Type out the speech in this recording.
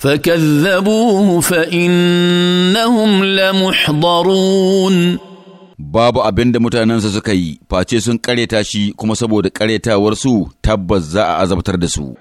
فكذبوه فإنهم لمحضرون babu abin da mutanensa suka yi face sun ƙareta shi kuma saboda ƙaretawarsu tabbas za a azabtar da su